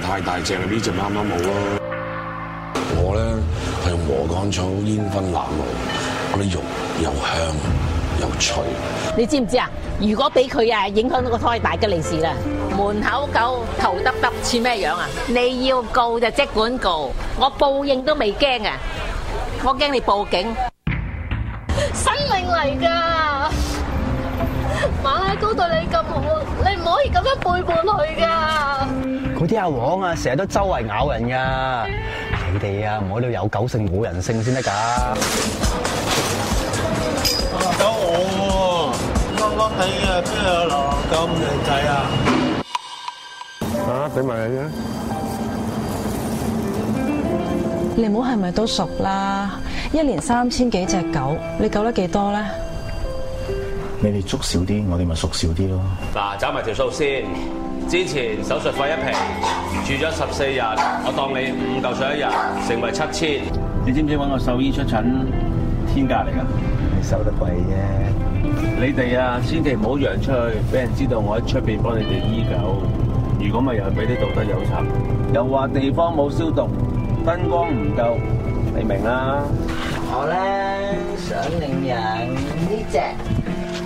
太大隻啦！呢隻啱啱好咯。我咧係用禾杆草煙燻鴨肉，嗰啲肉又香又脆。你知唔知啊？如果俾佢啊，影響到個胎大吉利是啦。門口狗頭耷耷，似咩樣啊？你要告就即管告，我報應都未驚啊！我驚你報警。生命嚟㗎，馬拉糕對你咁好，你唔可以咁樣背叛佢㗎。嗰啲阿黃啊，成日都周圍咬人噶，你哋啊，唔好度有狗性冇人性先得噶。搞我，笠笠地啊，邊有流浪狗咁靚仔啊？啊，俾埋你先。你唔好係咪都熟啦？一年三千幾隻狗，你救得幾多咧？你哋捉少啲，我哋咪熟少啲咯。嗱，走埋條數先。之前手術費一皮，住咗十四日，我當你五嚿水一日，成為七千。你知唔知揾個獸醫出診？天價嚟噶，你收得貴啫。你哋啊，千祈唔好揚出去，俾人知道我喺出邊幫你哋醫狗。如果唔係，又俾啲道德有查。又話地方冇消毒，燈光唔夠，你明啦。我咧想領養呢隻。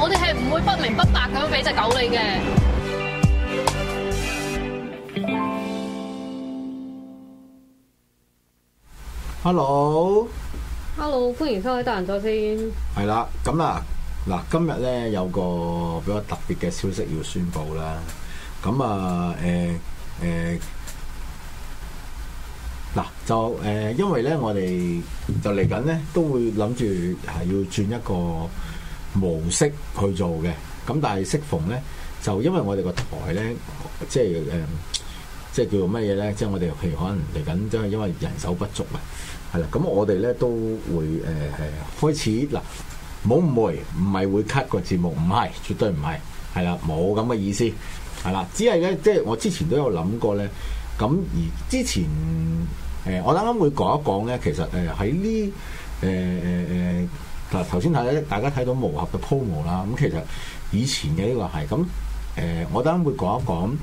我哋係唔會不明不白咁樣俾隻狗你嘅。Hello，Hello，歡迎收睇《達仁在綫》。係啦，咁啦，嗱，今日咧有個比較特別嘅消息要宣布啦。咁啊，誒，誒，嗱，就誒，因為咧，我哋就嚟緊咧，都會諗住係要轉一個模式去做嘅，咁但係適逢咧，就因為我哋個台咧，即係誒、呃，即係叫做乜嘢咧？即係我哋譬如可能嚟緊，即係因為人手不足啊，係啦。咁我哋咧都會誒誒、呃、開始嗱，冇唔會，唔係會 cut 個節目，唔係，絕對唔係，係啦，冇咁嘅意思，係啦，只係咧，即係我之前都有諗過咧，咁而之前，誒、呃，我啱啱會講一講咧，其實誒喺呢誒誒誒。呃嗱，頭先睇大家睇到磨合嘅 promo 啦，咁其實以前嘅呢個係咁，誒、呃，我等會講一講，誒、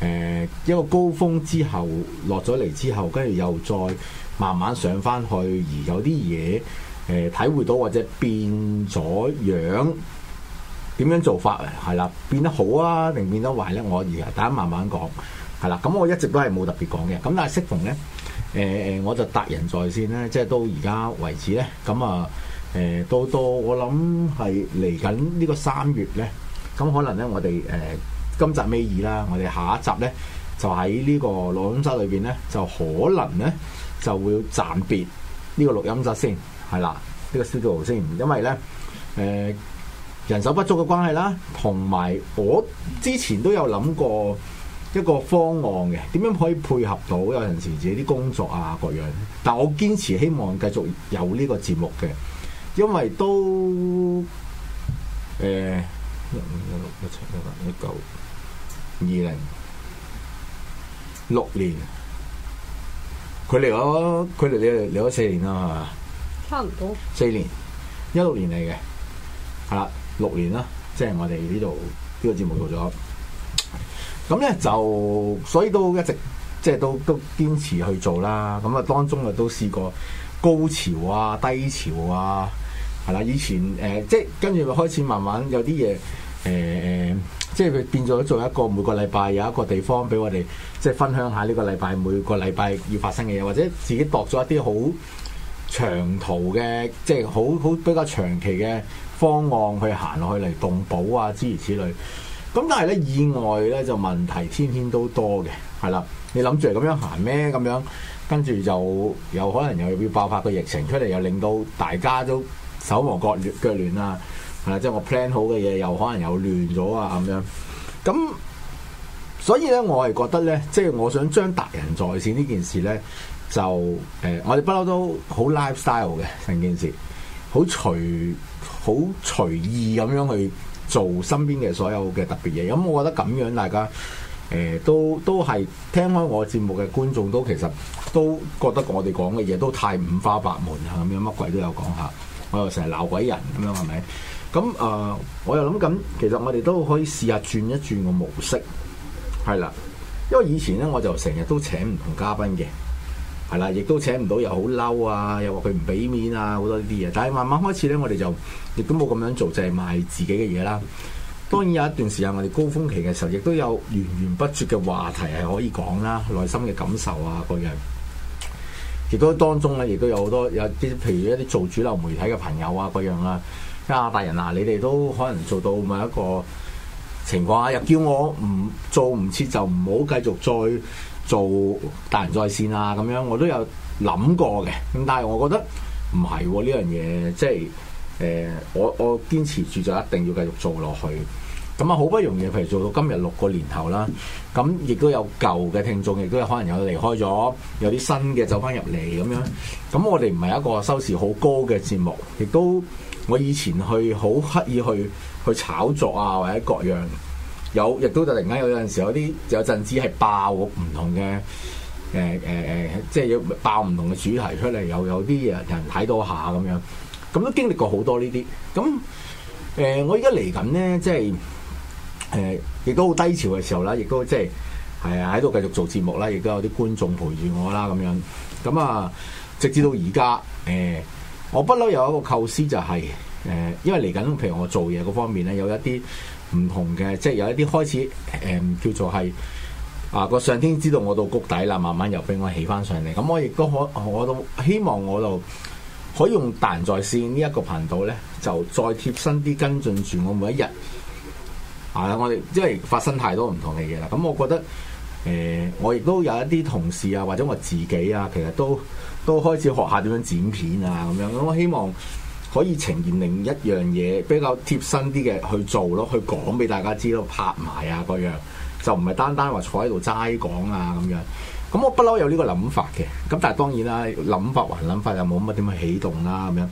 呃，一個高峰之後落咗嚟之後，跟住又再慢慢上翻去，而有啲嘢誒體會到或者變咗樣點樣做法啊，係啦，變得好啊，定變得壞咧？我而家等慢慢講，係啦，咁我一直都係冇特別講嘅，咁但係適逢咧，誒、呃、誒，我就達仁在線咧，即係到而家為止咧，咁啊～誒到到我，我諗係嚟緊呢個三月咧，咁可能咧，我哋誒今集尾二啦，我哋下一集咧就喺呢個錄音室裏邊咧，就可能咧就會暫別呢個錄音室先係啦，呢個 studio 先，因為咧誒、呃、人手不足嘅關係啦，同埋我之前都有諗過一個方案嘅，點樣可以配合到有陣時自己啲工作啊各樣，但我堅持希望繼續有呢個節目嘅。因為都誒一五、一六、一七、一八、一九、二零六年，佢嚟咗，佢嚟你嚟咗四年啦，係嘛？差唔多四年，一六年嚟嘅係啦，六年啦，即係我哋呢度呢個節目做咗，咁咧就所以都一直即係都都堅持去做啦。咁啊，當中啊都試過高潮啊、低潮啊。係啦，以前誒，即係跟住開始慢慢有啲嘢誒誒，即係佢變咗做一個每個禮拜有一個地方俾我哋即係分享下呢個禮拜每個禮拜要發生嘅嘢，或者自己度咗一啲好長途嘅，即係好好比較長期嘅方案去行落去嚟動保啊諸如此類。咁但係咧意外咧就問題天天都多嘅，係啦，你諗住係咁樣行咩？咁樣跟住就有可能又要爆發個疫情出嚟，又令到大家都～手忙腳亂、啊、腳亂啦，係啦，即係我 plan 好嘅嘢又可能又亂咗啊，咁樣咁，所以呢，我係覺得呢，即係我想將達仁在線呢件事呢，就誒、呃，我哋不嬲都好 lifestyle 嘅成件事，好隨好隨意咁樣去做身邊嘅所有嘅特別嘢。咁、啊、我覺得咁樣大家誒、呃、都都係聽開我節目嘅觀眾都其實都覺得我哋講嘅嘢都太五花八門啊，咁樣乜鬼都有講下。我又成日鬧鬼人咁樣係咪？咁誒、呃，我又諗緊，其實我哋都可以試下轉一轉個模式，係啦。因為以前咧，我就成日都請唔同嘉賓嘅，係啦，亦都請唔到又好嬲啊，又話佢唔俾面啊，好多呢啲嘢。但係慢慢開始咧，我哋就亦都冇咁樣做，就係賣自己嘅嘢啦。當然有一段時間，我哋高峰期嘅時候，亦都有源源不絕嘅話題係可以講啦，內心嘅感受啊，各樣。結果當中咧，亦都有好多有啲，譬如一啲做主流媒體嘅朋友啊，嗰樣啊，達仁啊，你哋都可能做到某一個情況啊，又叫我唔做唔切就唔好繼續再做達仁在線啊咁樣，我都有諗過嘅。咁但係我覺得唔係喎，呢、啊、樣嘢即係誒、呃，我我堅持住就一定要繼續做落去。咁啊，好不容易，譬如做到今日六個年頭啦，咁亦都有舊嘅聽眾，亦都有可能有離開咗，有啲新嘅走翻入嚟咁樣。咁我哋唔係一個收視好高嘅節目，亦都我以前去好刻意去去炒作啊，或者各樣有，亦都突然間有陣時有啲有陣子係爆唔同嘅誒誒誒，即係要爆唔同嘅主題出嚟，又有啲人睇到下咁樣，咁都經歷過好多呢啲。咁誒、欸，我而家嚟緊呢，即係。誒，亦、呃、都好低潮嘅時候啦，亦都即係係喺度繼續做節目啦，亦都有啲觀眾陪住我啦咁樣。咁啊，直至到而家，誒、呃，我不嬲有一個構思就係、是、誒、呃，因為嚟緊，譬如我做嘢嗰方面咧，有一啲唔同嘅，即係有一啲開始誒、呃，叫做係啊，個上天知道我到谷底啦，慢慢又俾我起翻上嚟。咁我亦都可，我都希望我就可以用達仁在線呢一、這個頻道咧，就再貼身啲跟進住我每一日。係啊，我哋因為發生太多唔同嘅嘢啦。咁我覺得，誒、呃，我亦都有一啲同事啊，或者我自己啊，其實都都開始學下點樣剪片啊，咁樣。咁我希望可以呈現另一樣嘢比較貼身啲嘅去做咯，去講俾大家知道拍埋啊，嗰樣就唔係單單話坐喺度齋講啊，咁樣。咁我不嬲有呢個諗法嘅。咁但係當然啦，諗法還諗法，又冇乜點樣起動啦、啊，咁樣。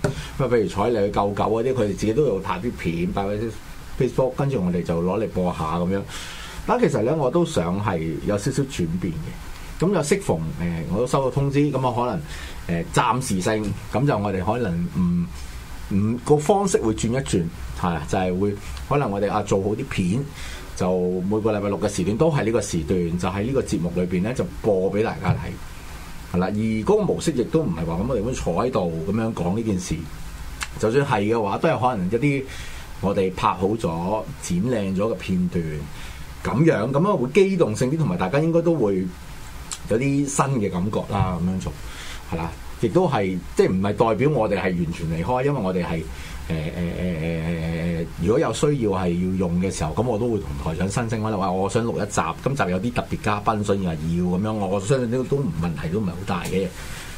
咁啊，譬如坐喺度去救狗嗰啲，佢哋自己都有拍啲片，但係，Facebook 跟住我哋就攞嚟播下咁樣，嗱，其實咧我都想係有少少轉變嘅，咁又適逢誒、呃、我都收到通知，咁啊可能誒暫、呃、時性，咁就我哋可能唔唔個方式會轉一轉，係就係、係、會可能我哋啊做好啲片，就每個禮拜六嘅時段都係呢個時段，就喺呢個節目裏邊咧就播俾大家睇，係啦，而嗰個模式亦都唔係話咁我哋咁坐喺度咁樣講呢件事，就算係嘅話，都有可能一啲。我哋拍好咗、剪靚咗個片段，咁樣咁樣會機動性啲，同埋大家應該都會有啲新嘅感覺啦。咁樣做係啦，亦都係即係唔係代表我哋係完全離開，因為我哋係誒誒誒誒誒如果有需要係要用嘅時候，咁我都會同台長申請話話，我想錄一集，今集有啲特別嘉賓，所以話要咁樣，我相信呢個都唔問題都，都唔係好大嘅。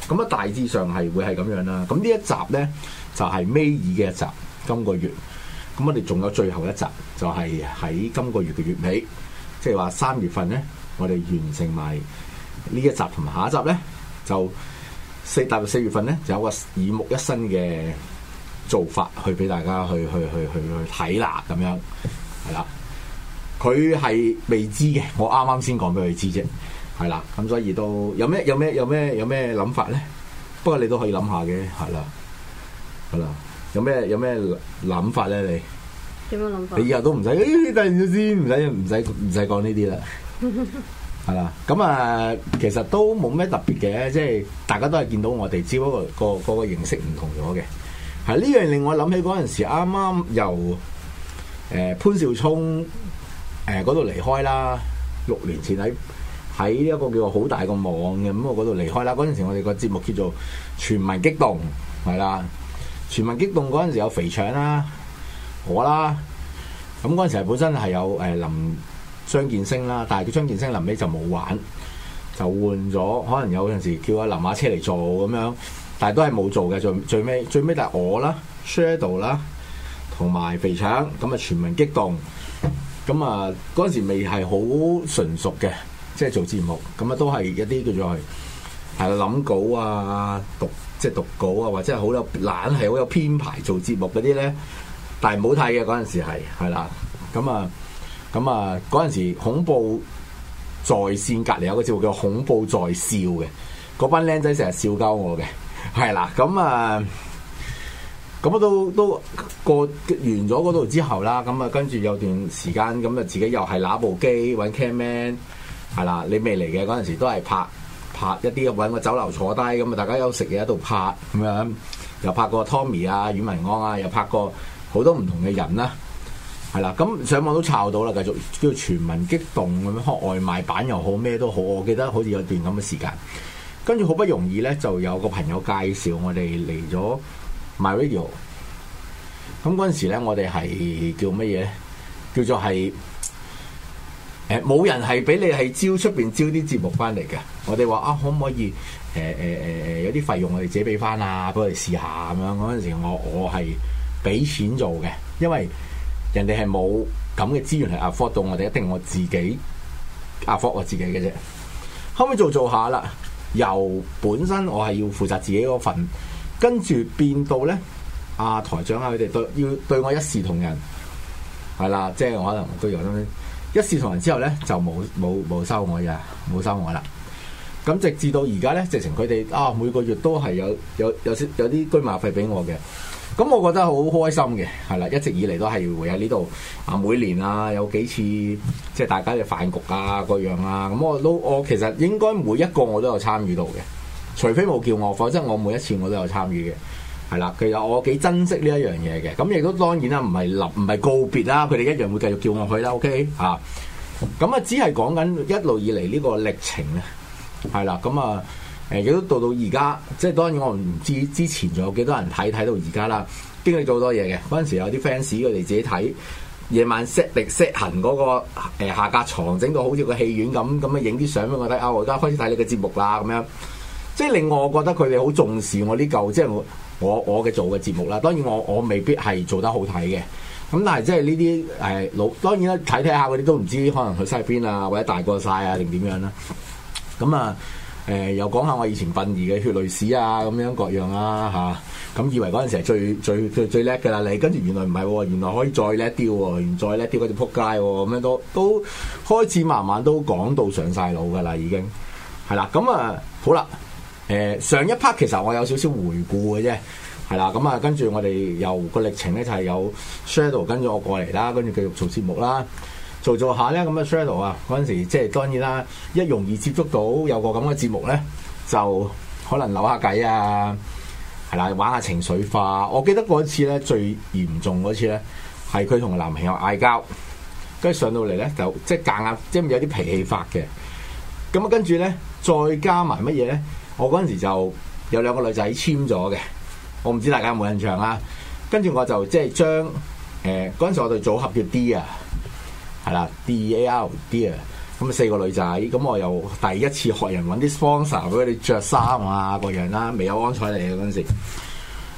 咁啊大致上係會係咁樣啦。咁呢一集咧就係、是、尾二嘅一集，今個月。咁我哋仲有最後一集，就係喺今個月嘅月尾，即係話三月份咧，我哋完成埋呢一集同埋下一集咧，就四踏入四月份咧，就有個耳目一新嘅做法去俾大家去去去去去睇啦，咁樣係啦。佢係未知嘅，我啱啱先講俾佢知啫，係啦。咁所以都有咩有咩有咩有咩諗法咧？不過你都可以諗下嘅，係啦，係啦。有咩有咩諗法咧？你點樣諗？你以後都唔使第二件事，唔使唔使唔使講呢啲啦，係啦。咁啊， 其實都冇咩特別嘅，即係大家都係見到我哋只不過個個個形式唔同咗嘅。係呢樣令我諗起嗰陣時，啱啱由誒、呃、潘紹聰誒嗰度離開啦。六年前喺喺一個叫做好大個網嘅咁，我嗰度離開啦。嗰陣時我哋個節目叫做全民激動，係啦。全民激動嗰陣時有肥腸啦、啊，我啦、啊，咁嗰陣時本身係有誒林張建升啦、啊，但係佢張建升臨尾就冇玩，就換咗可能有陣時叫阿林馬車嚟做，咁樣，但係都係冇做嘅最最尾最尾，就係我啦 Shadow 啦、啊，同埋肥腸咁啊全民激動，咁啊嗰陣時未係好純熟嘅，即係做節目，咁啊都係一啲叫做係。係諗稿啊，讀即係讀稿啊，或者係好有懶，係好有編排做節目嗰啲咧。但係唔好睇嘅嗰陣時係係啦，咁啊咁啊嗰陣時恐怖在線隔籬有個節目叫恐怖在笑嘅，嗰班靚仔成日笑鳩我嘅，係啦咁啊咁啊都都過過完咗嗰度之後啦，咁啊跟住有段時間咁啊自己又係拿部機揾 cam man 係啦，你未嚟嘅嗰陣時都係拍。拍一啲揾個酒樓坐低咁啊，大家有食嘢喺度拍咁樣，又拍過 Tommy 啊、宇文安啊，又拍過好多唔同嘅人啦、啊，係啦。咁上網都抄到啦，繼續叫全民激動咁樣，開外賣版又好咩都好，我記得好似有一段咁嘅時間。跟住好不容易咧，就有個朋友介紹我哋嚟咗 MyRadio。咁嗰陣時咧，我哋係叫乜嘢？叫做係。誒，冇人係俾你係招出邊招啲節目翻嚟嘅。我哋話啊，可唔可以誒誒誒誒，有啲費用我哋自己俾翻啊，俾我哋試下咁樣。嗰陣時我我係俾錢做嘅，因為人哋係冇咁嘅資源嚟 afford 到我哋，一定我自己 afford 我自己嘅啫。可唔可以做做下啦？由本身我係要負責自己嗰份，跟住變到咧，阿、啊、台長啊佢哋對要對我一視同仁，係啦，即係可能都有一試同人之後呢，就冇冇冇收我嘢，冇收我啦。咁直至到而家呢，直情佢哋啊每個月都係有有有啲車馬費俾我嘅。咁、嗯、我覺得好開心嘅係啦，一直以嚟都係會喺呢度啊。每年啊，有幾次即係大家嘅飯局啊，各樣啊，咁、嗯、我都我其實應該每一個我都有參與到嘅，除非冇叫我，否則我每一次我都有參與嘅。係啦，其實我幾珍惜呢一樣嘢嘅咁，亦都當然啦，唔係臨，唔係告別啦。佢哋一樣會繼續叫我去啦。OK 嚇，咁啊，只係講緊一路以嚟呢個歷程咧，係啦。咁啊，誒，亦都到到而家，即係當然我唔知之前仲有幾多人睇睇到而家啦，經歷咗好多嘢嘅。嗰陣時有啲 fans 佢哋自己睇夜晚 set 力 set 行嗰個下格床，整到好似個戲院咁，咁啊，影啲相俾我睇啊，我而家開始睇你嘅節目啦咁樣，即係令我覺得佢哋好重視我呢嚿，即係我。我我嘅做嘅節目啦，當然我我未必係做得好睇嘅，咁但係即係呢啲誒老當然啦，睇睇下嗰啲都唔知可能去西邊啊，或者大過晒啊定點樣啦、啊，咁啊誒又講下我以前殯儀嘅血淚史啊，咁樣各樣啦、啊、嚇，咁、啊、以為嗰陣時係最最最最叻嘅啦，你跟住原來唔係、哦，原來可以再叻啲喎，原再叻啲嗰隻撲街喎，咁樣都都開始慢慢都講到上晒腦嘅啦，已經係啦，咁啊、嗯嗯、好啦。誒、呃、上一 part 其實我有少少回顧嘅啫，係啦，咁、嗯、啊，跟住我哋由個歷程咧就係、是、有 Shadow 跟住我過嚟啦，跟住繼續做節目啦，做一做一下咧咁嘅 Shadow 啊。嗰陣時即、就、係、是、當然啦，一容易接觸到有個咁嘅節目咧，就可能扭下偈啊，係啦，玩下情緒化。我記得嗰次咧最嚴重嗰次咧係佢同男朋友嗌交、嗯，跟住上到嚟咧就即係夾硬，即係有啲脾氣發嘅。咁啊，跟住咧再加埋乜嘢咧？我嗰陣時就有兩個女仔簽咗嘅，我唔知大家有冇印象啊。跟住我就即係將誒嗰陣時我哋組合叫 D 啊，係啦 D A R DAR 咁四個女仔，咁我又第一次學人揾啲 sponsor 俾佢哋着衫啊，嗰樣啦、啊，未有安采嚟啊嗰陣時。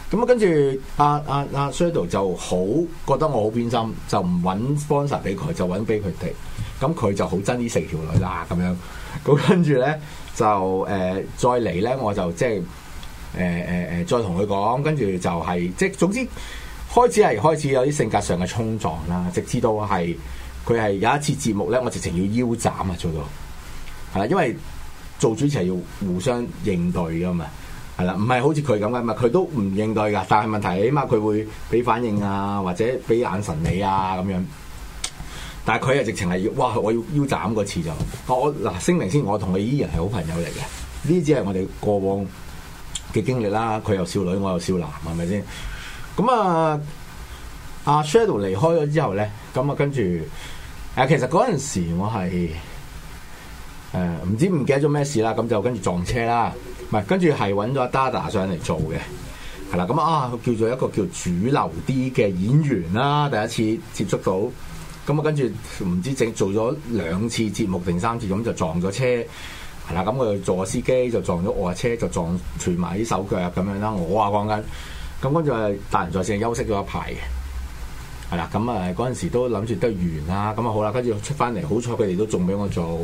咁啊跟住、啊、阿阿、啊、阿、啊、Shadow 就好覺得我好偏心，就唔揾 sponsor 俾佢，就揾俾佢哋。咁佢就好憎呢四條女啦，咁、啊、樣。咁跟住咧就誒、呃、再嚟咧，我就即係誒誒誒再同佢講，跟住就係、是、即係總之開始係開始有啲性格上嘅衝撞啦，直至到係佢係有一次節目咧，我直情要腰斬啊做到係啦，因為做主持係要互相應對噶嘛，係啦，唔係好似佢咁嘅嘛，佢都唔應對噶，但係問題起碼佢會俾反應啊，或者俾眼神你啊咁樣。但係佢係直情係要，哇！我要腰斬嗰次就，我嗱聲明先，我同佢依然係好朋友嚟嘅，呢啲只係我哋過往嘅經歷啦。佢有少女，我有少男，係咪先？咁啊，阿、啊、Shadow 離開咗之後咧，咁啊跟住誒，其實嗰陣時我係誒唔知唔記得咗咩事啦，咁就跟住撞車啦，唔、啊、跟住係揾咗阿 Dada 上嚟做嘅，係啦，咁啊叫做一個叫主流啲嘅演員啦，第一次接觸到。咁啊，跟住唔知整做咗兩次節目定三次，咁就撞咗車係啦。咁我又做司機，就撞咗我架車，就撞斷埋啲手腳咁樣啦。我話講緊，咁跟住達仁在線休息咗一排，係啦。咁、那個、啊，嗰陣時都諗住得完啦。咁啊好啦，跟住出翻嚟，好彩佢哋都仲俾我做，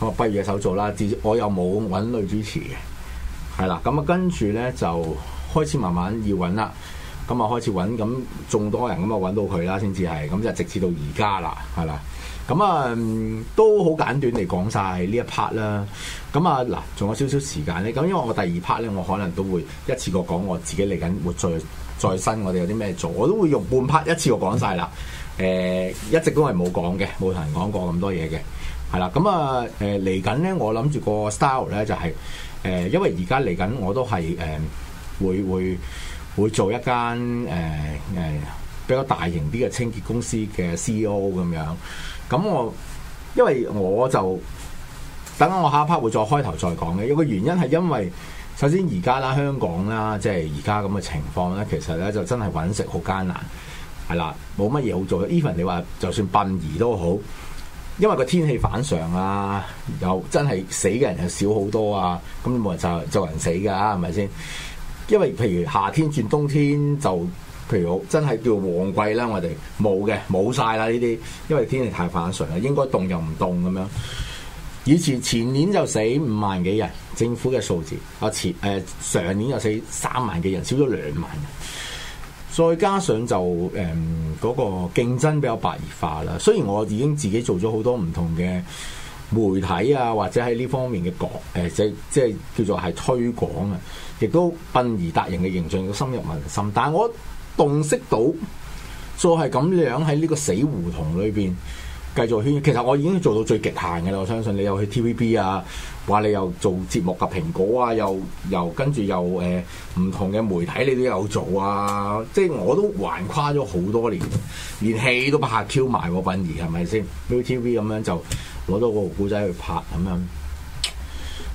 咁啊，畢業嘅手做啦。自我又冇揾女主持嘅，係啦。咁啊，跟住咧就開始慢慢要揾啦。咁啊，開始揾咁眾多人咁啊，揾到佢啦先至係，咁就直至到而家啦，係啦。咁啊、嗯，都好簡短地講晒呢一 part 啦。咁啊，嗱，仲有少少時間咧。咁因為我第二 part 咧，我可能都會一次過講我自己嚟緊會再再新我哋有啲咩做，我都會用半 part 一次過講晒啦。誒、呃，一直都係冇講嘅，冇同人講過咁多嘢嘅，係啦。咁啊，誒嚟緊咧，我諗住個 style 咧就係、是、誒、呃，因為而家嚟緊我都係誒會會。會會做一間誒誒，比較大型啲嘅清潔公司嘅 CEO 咁樣，咁我因為我就等我下一 part 會再開頭再講嘅，有個原因係因為首先而家啦香港啦，即係而家咁嘅情況咧，其實咧就真係揾食好艱難，係啦，冇乜嘢好做。Even 你話就算殯儀都好，因為個天氣反常啊，又真係死嘅人又少好多啊，咁冇人就就人死噶啊，係咪先？因為譬如夏天轉冬天就，譬如真係叫旺季啦，我哋冇嘅，冇晒啦呢啲，因為天氣太反常啦，應該凍又唔凍咁樣。以前前年就死五萬幾人，政府嘅數字，阿前誒、呃、上年又死三萬幾人，少咗兩萬人。再加上就誒嗰、呃嗰個競爭比較白熱化啦，雖然我已經自己做咗好多唔同嘅媒體啊，或者喺呢方面嘅講誒，即即係叫做係推廣啊。亦都殯儀達人嘅形象，深入民心。但係我洞悉到，再係咁樣喺呢個死胡同裏邊繼續圈，圈，其實我已經做到最極限嘅啦。我相信你又去 TVB 啊，話你又做節目嘅蘋果啊，又又跟住又誒唔、呃、同嘅媒體你都有做啊。即係我都橫跨咗好多年，連戲都拍 Q 埋喎殯儀，係咪先？TV 咁樣就攞到個故仔去拍咁樣。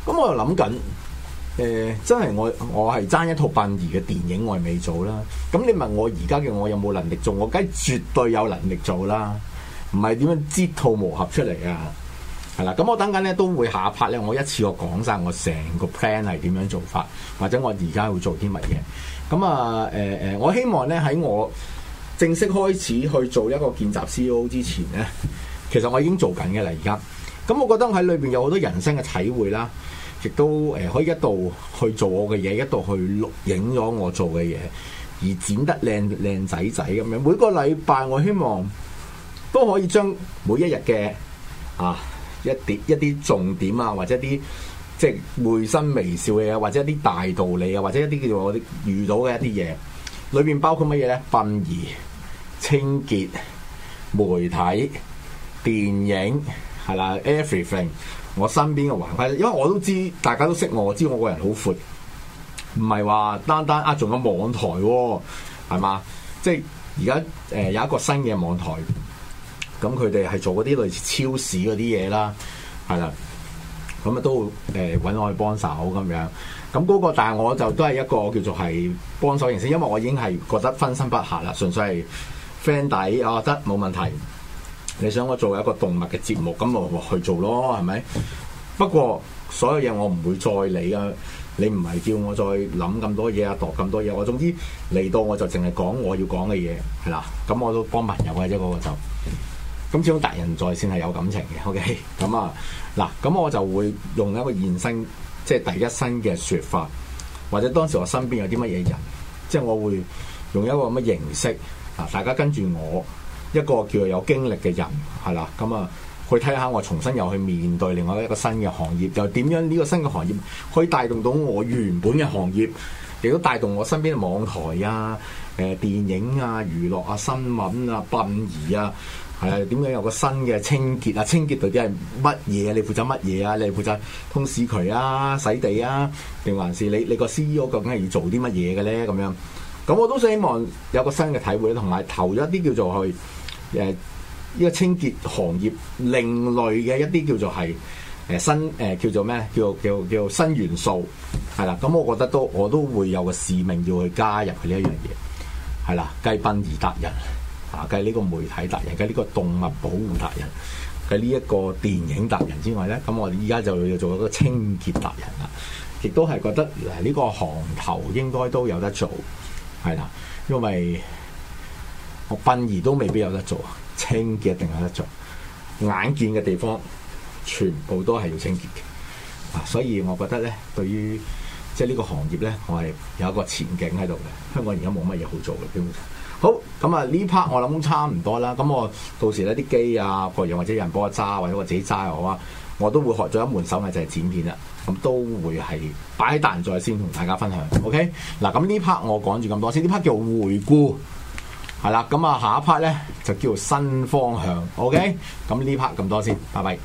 咁我又諗緊。誒、欸，真係我我係爭一套殯儀嘅電影我未做啦。咁你問我而家嘅我有冇能力做？我梗係絕對有能力做啦。唔係點樣折套磨合出嚟啊？係啦。咁我等緊咧都會下一 part 咧，我一次過講我講晒我成個 plan 係點樣做法，或者我而家會做啲乜嘢。咁啊，誒、欸、誒、欸，我希望咧喺我正式開始去做一個見習 C.O. 之前咧，其實我已經做緊嘅啦。而家咁，我覺得喺裏邊有好多人生嘅體會啦。亦都誒可以一度去做我嘅嘢，一度去錄影咗我做嘅嘢，而剪得靚靚仔仔咁樣。每個禮拜，我希望都可以將每一日嘅啊一啲一啲重點啊，或者一啲即係會心微笑嘅嘢，或者一啲大道理啊，或者一啲叫做我遇到嘅一啲嘢，裏面包括乜嘢咧？殯儀、清潔、媒體、電影。係啦，everything，我身邊嘅環境，因為我都知大家都識我，我知我個人好闊，唔係話單單啊，仲有網台係、哦、嘛，即係而家誒有一個新嘅網台，咁佢哋係做嗰啲類似超市嗰啲嘢啦，係啦，咁、嗯、啊都誒揾、呃、我去幫手咁樣，咁嗰、嗰個但係我就都係一個叫做係幫手形式，因為我已經係覺得分身不下啦，純粹係 friend 底、啊，我覺得冇問題。你想我做一個動物嘅節目，咁我去做咯，係咪？不過所有嘢我唔會再理啊！你唔係叫我再諗咁多嘢啊，度咁多嘢。我總之嚟到我就淨係講我要講嘅嘢，係啦。咁我都幫朋友嘅啫，我、嗰個、就咁始終達仁在線係有感情嘅。OK，咁啊嗱，咁我就會用一個現身，即、就、係、是、第一身嘅説法，或者當時我身邊有啲乜嘢人，即、就、係、是、我會用一個乜形式啊，大家跟住我。一個叫有經歷嘅人係啦，咁啊、嗯、去睇下我重新又去面對另外一個新嘅行業，又點樣呢個新嘅行業可以帶動到我原本嘅行業，亦都帶動我身邊嘅網台啊、誒、呃、電影啊、娛樂啊、新聞啊、殯儀啊，係啊點樣有個新嘅清潔啊？清潔到底係乜嘢？你負責乜嘢啊？你係負責通屎渠啊、洗地啊，定還是你你個 CEO 究竟係要做啲乜嘢嘅呢？咁樣，咁、嗯、我都希望有個新嘅體會同埋投一啲叫做去。誒呢、呃這個清潔行業另類嘅一啲叫做係誒、呃、新誒叫做咩？叫做叫叫，叫，叫做新元素係啦。咁、嗯、我覺得都我都會有個使命要去加入佢呢一樣嘢係啦。繼殯儀達人啊，繼呢個媒體達人，繼呢個，個動物保護達人，繼呢一個電影達人之外咧，咁、嗯、我依家就要做一個清潔達人啦。亦都係覺得呢個行頭應該都有得做係啦，因為。我殯儀都未必有得做，清潔一定有得做，眼見嘅地方全部都係要清潔嘅，啊，所以我覺得咧，對於即係呢個行業咧，我係有一個前景喺度嘅。香港而家冇乜嘢好做嘅，基本上好咁啊。呢、嗯、part 我諗都差唔多啦，咁、嗯、我到時呢啲機啊各樣或者人幫我揸，或者我自己揸我好啊，我都會學咗一門手藝就係、是、剪片啦，咁、嗯、都會係擺喺達仁在線先同大家分享。OK，嗱咁呢 part 我講住咁多先，呢 part 叫回顧。係啦，咁啊下一 part 咧就叫做新方向，OK？咁呢 part 咁多先，拜拜。